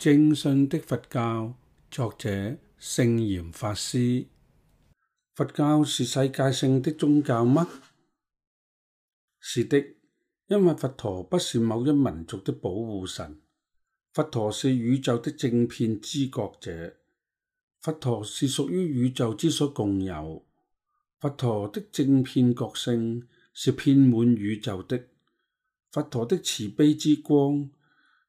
正信的佛教，作者聖嚴法師。佛教是世界性的宗教嗎？是的，因為佛陀不是某一民族的保護神，佛陀是宇宙的正遍知覺者，佛陀是屬於宇宙之所共有，佛陀的正遍覺性是遍滿宇宙的，佛陀的慈悲之光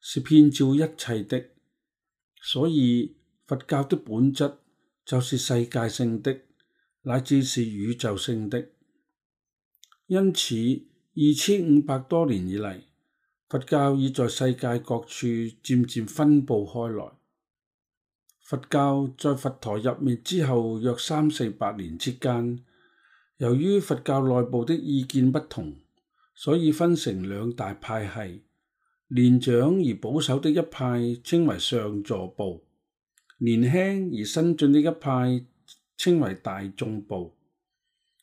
是遍照一切的。所以佛教的本質就是世界性的，乃至是宇宙性的。因此，二千五百多年以來，佛教已在世界各處漸漸分布開來。佛教在佛陀入滅之後約三四百年之間，由於佛教內部的意見不同，所以分成兩大派系。年長而保守的一派稱為上座部，年輕而新進的一派稱為大眾部。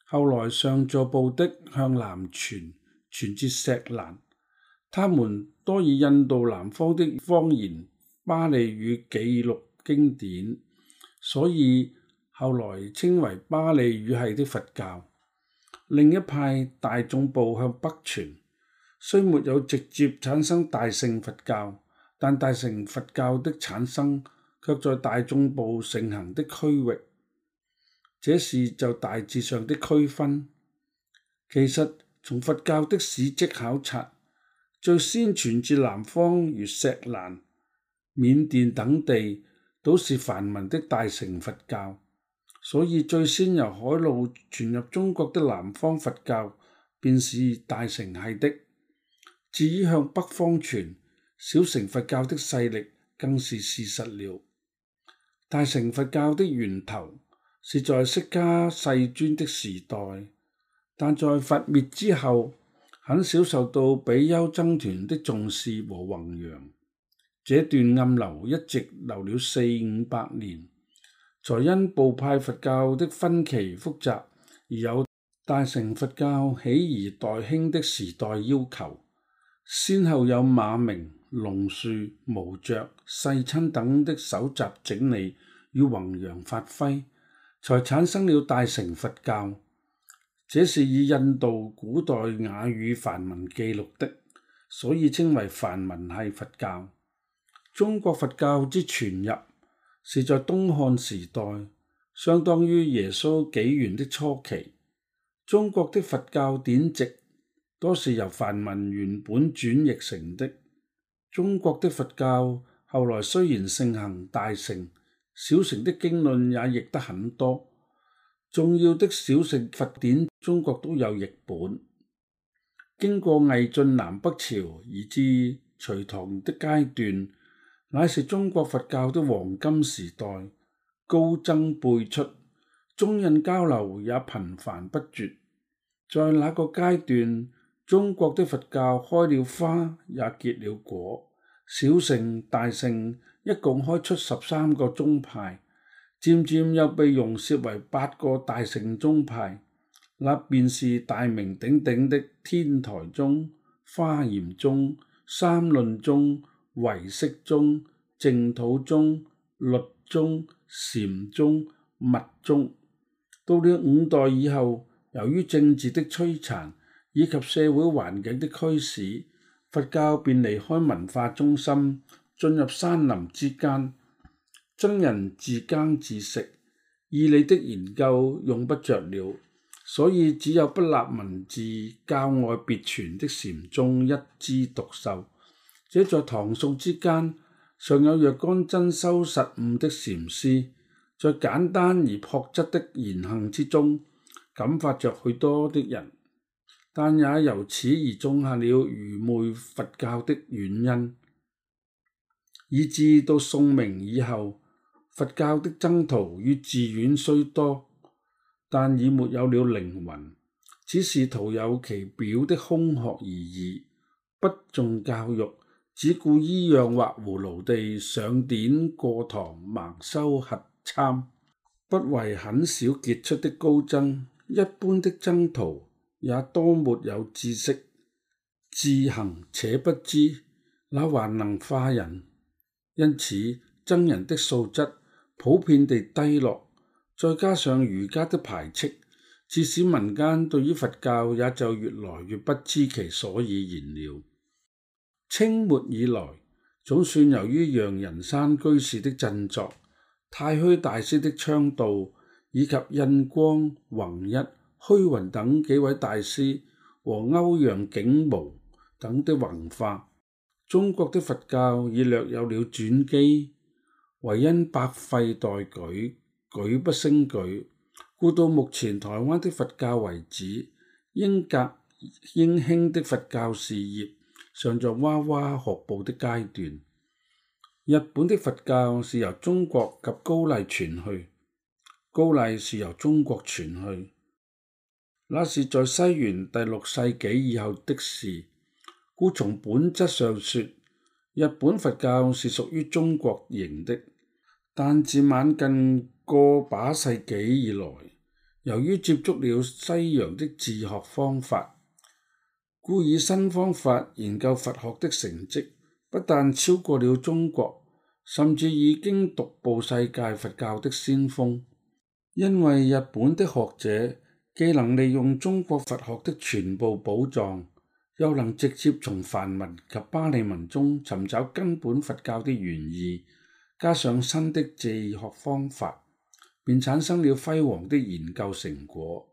後來上座部的向南傳，傳至錫蘭，他們多以印度南方的方言巴利語記錄經典，所以後來稱為巴利語系的佛教。另一派大眾部向北傳。雖沒有直接產生大乘佛教，但大乘佛教的產生卻在大眾部盛行的區域。這是就大致上的區分。其實從佛教的史跡考察，最先傳至南方、如石蘭、緬甸等地，都是梵文的大乘佛教。所以最先由海路傳入中國的南方佛教，便是大乘系的。至於向北方傳小乘佛教的勢力，更是事實了。大乘佛教的源頭是在釋迦世尊的時代，但在佛滅之後很少受到比丘僧團的重視和弘揚，這段暗流一直流了四五百年，才因部派佛教的分歧複雜而有大乘佛教起而代興的時代要求。先後有馬鳴、龍樹、無著、世親等的搜集整理與弘揚發揮，才產生了大乘佛教。這是以印度古代雅語梵文記錄的，所以稱為梵文系佛教。中國佛教之傳入是在東漢時代，相當於耶穌紀元的初期。中國的佛教典籍。多是由梵文原本轉譯成的。中國的佛教後來雖然盛行大乘，小乘的經論也譯得很多，重要的小乘佛典中國都有譯本。經過魏晉南北朝以至隋唐的階段，乃是中國佛教的黃金時代，高僧輩出，中印交流也頻繁不絕。在那個階段。中國的佛教開了花也結了果，小乘大乘一共開出十三個宗派，漸漸又被融攝為八個大乘宗派，那便是大名鼎鼎的天台宗、華嚴宗、三論宗、唯識宗、淨土宗、律宗、禪宗、密宗。到了五代以後，由於政治的摧殘，以及社會環境的驅使，佛教便離開文化中心，進入山林之間，僧人自耕自食，義理的研究用不着了，所以只有不立文字、教外別傳的禪宗一枝獨秀。這在唐宋之間尚有若干真修實悟的禪師，在簡單而樸質的言行之中，感發着許多的人。但也由此而種下了愚昧佛教的原因，以至到宋明以後，佛教的僧徒與寺院雖多，但已沒有了靈魂，只是徒有其表的空殼而已。不重教育，只顧依樣畫葫蘆地上典過堂，盲修瞎參，不為很少傑出的高僧，一般的僧徒，也多沒有知識，自行且不知，那還能化人？因此僧人的素質普遍地低落，再加上儒家的排斥，致使民間對於佛教也就越來越不知其所以然了。清末以來，總算由於楊仁山居士的振作、太虛大師的倡導以及印光、弘一。虛雲等幾位大師和歐陽竟無等的宏化，中國的佛教已略有了轉機，唯因百廢待舉，舉不勝舉，故到目前台灣的佛教為止，應革應興的佛教事業尚在娃娃學步的階段。日本的佛教是由中國及高麗傳去，高麗是由中國傳去。那是在西元第六世紀以後的事，故從本質上説，日本佛教是屬於中國型的。但自晚近個把世紀以來，由於接觸了西洋的治學方法，故以新方法研究佛學的成績，不但超過了中國，甚至已經獨步世界佛教的先鋒。因為日本的學者，既能利用中國佛學的全部寶藏，又能直接從梵文及巴利文中尋找根本佛教的原意，加上新的治學方法，便產生了輝煌的研究成果。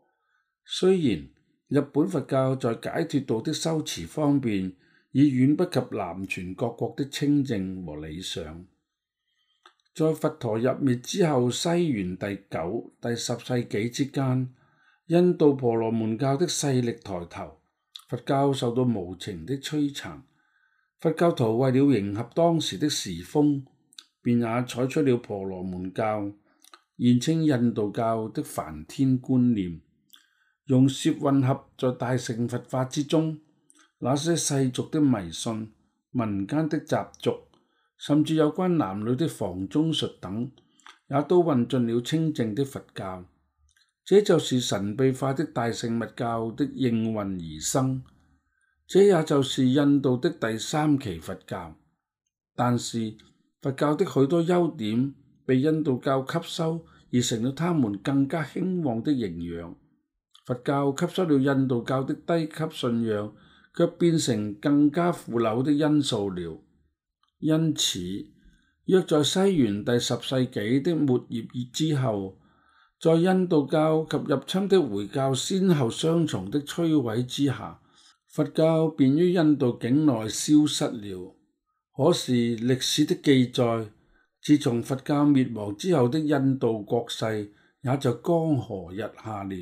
雖然日本佛教在解脱道的修持方面已遠不及南傳各國的清淨和理想，在佛陀入滅之後，西元第九、第十世紀之間。印度婆羅門教的勢力抬頭，佛教受到無情的摧殘。佛教徒為了迎合當時的時風，便也採取了婆羅門教、現稱印度教的梵天觀念，用攝混合在大乘佛法之中。那些世俗的迷信、民間的習俗，甚至有關男女的房中術等，也都混進了清淨的佛教。這就是神秘化的大乘佛教的應運而生，這也就是印度的第三期佛教。但是佛教的許多優點被印度教吸收，而成了他們更加興旺的營養。佛教吸收了印度教的低級信仰，卻變成更加腐朽的因素了。因此，約在西元第十世紀的末葉之後，在印度教及入侵的回教先後雙重的摧毀之下，佛教便於印度境內消失了。可是歷史的記載，自從佛教滅亡之後的印度國勢也就江河日下了，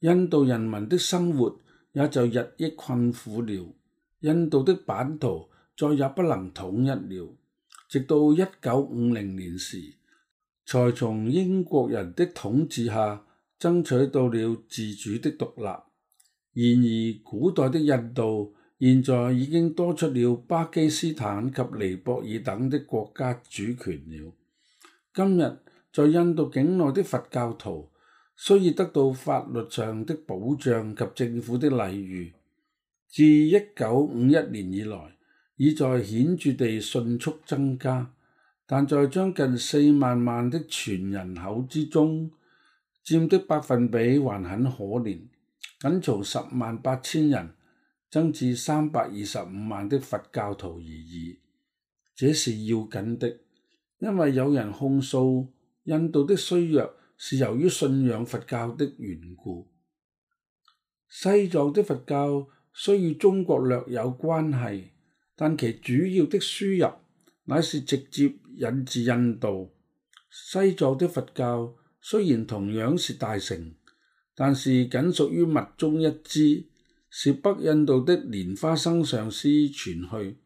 印度人民的生活也就日益困苦了。印度的版圖再也不能統一了，直到一九五零年時。才從英國人的統治下爭取到了自主的獨立。然而，古代的印度現在已經多出了巴基斯坦及尼泊爾等的國家主權了。今日在印度境內的佛教徒雖已得到法律上的保障及政府的禮遇，自一九五一年以來，已在顯著地迅速增加。但在將近四萬萬的全人口之中，佔的百分比還很可憐，僅從十萬八千人增至三百二十五萬的佛教徒而已。這是要緊的，因為有人控訴印度的衰弱是由於信仰佛教的緣故。西藏的佛教雖與中國略有關係，但其主要的輸入，乃是直接引自印度西藏的佛教，雖然同樣是大乘，但是僅屬於密宗一支，是北印度的蓮花生上師傳去。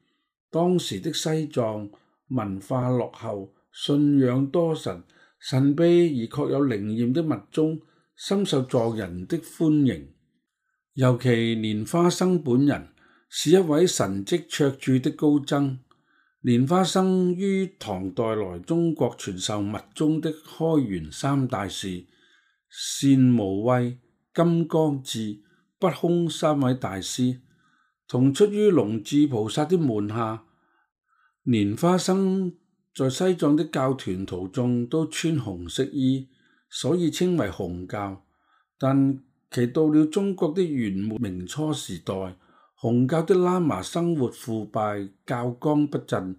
當時的西藏文化落後，信仰多神，神秘而確有靈驗的密宗深受藏人的歡迎，尤其蓮花生本人是一位神跡卓著的高僧。蓮花生於唐代來中國傳授密宗的開元三大士善無畏、金剛智、不空三位大師，同出於龍智菩薩的門下。蓮花生在西藏的教團途中都穿紅色衣，所以稱為紅教。但其到了中國的元末明初時代。紅教的喇嘛生活腐敗，教綱不振，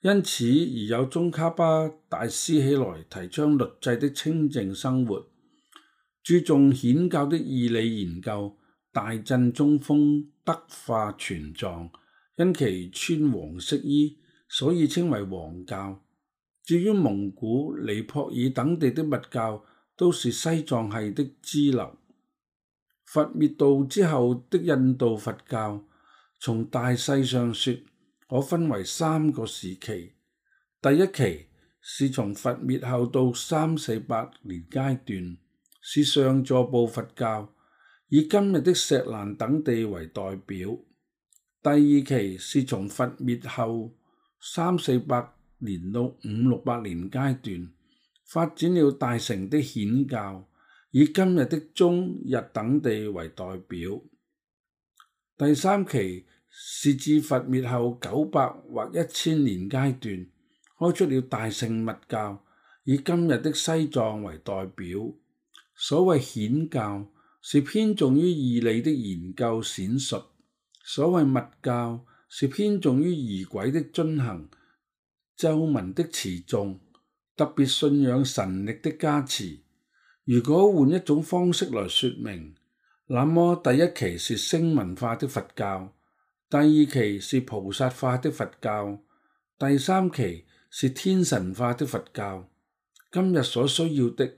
因此而有宗喀巴大師起來提倡律制的清淨生活，注重顯教的義理研究，大振宗風德化全藏，因其穿黃色衣，所以稱為黃教。至於蒙古、尼泊爾等地的密教，都是西藏系的支流。佛滅度之後的印度佛教，從大勢上說，可分為三個時期。第一期是從佛滅後到三四百年階段，是上座部佛教，以今日的錫蘭等地為代表。第二期是從佛滅後三四百年到五六百年階段，發展了大乘的顯教。以今日的中日等地為代表。第三期是自佛滅後九百或一千年階段，開出了大乘密教，以今日的西藏為代表。所謂顯教是偏重於義理的研究闡述，所謂物教是偏重於儀軌的遵行、咒文的持誦，特別信仰神力的加持。如果換一種方式來說明，那麼第一期是聲聞化的佛教，第二期是菩薩化的佛教，第三期是天神化的佛教。今日所需要的，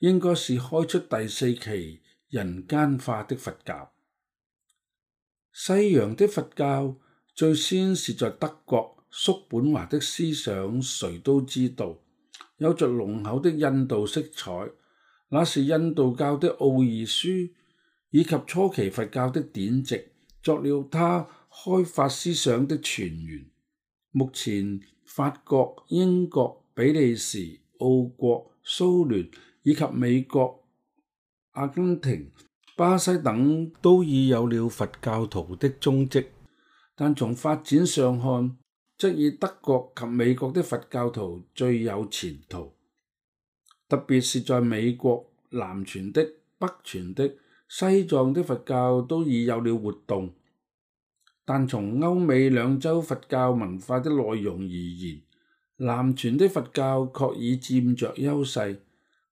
應該是開出第四期人間化的佛教。西洋的佛教最先是在德國，叔本華的思想，誰都知道，有着濃厚的印度色彩。那是印度教的奧義書以及初期佛教的典籍作了他開發思想的泉源。目前，法國、英國、比利時、奧國、蘇聯以及美國、阿根廷、巴西等都已有了佛教徒的蹤跡，但從發展上看，則以德國及美國的佛教徒最有前途。特別是在美國南傳的、北傳的、西藏的佛教都已有了活動，但從歐美兩洲佛教文化的內容而言，南傳的佛教確已佔著優勢。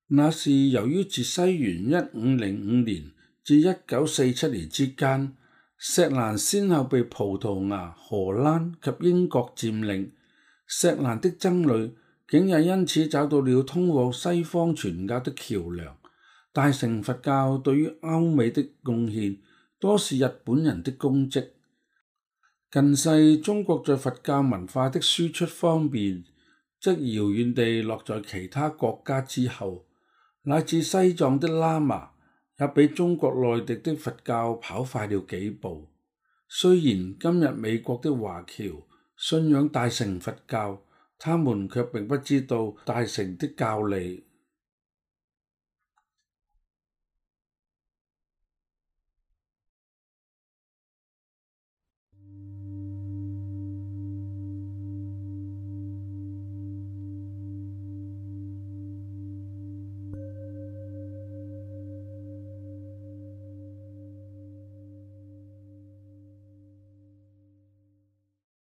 那是由於自西元一五零五年至一九四七年之間，錫蘭先後被葡萄牙、荷蘭及英國佔領，錫蘭的僧侶，竟也因此找到了通往西方傳教的橋樑。大乘佛教對於歐美的貢獻，多是日本人的功績。近世中國在佛教文化的輸出方面，即遙遠地落在其他國家之後，乃至西藏的喇嘛也比中國內地的佛教跑快了幾步。雖然今日美國的華僑信仰大乘佛教。他們卻並不知道大乘的教理。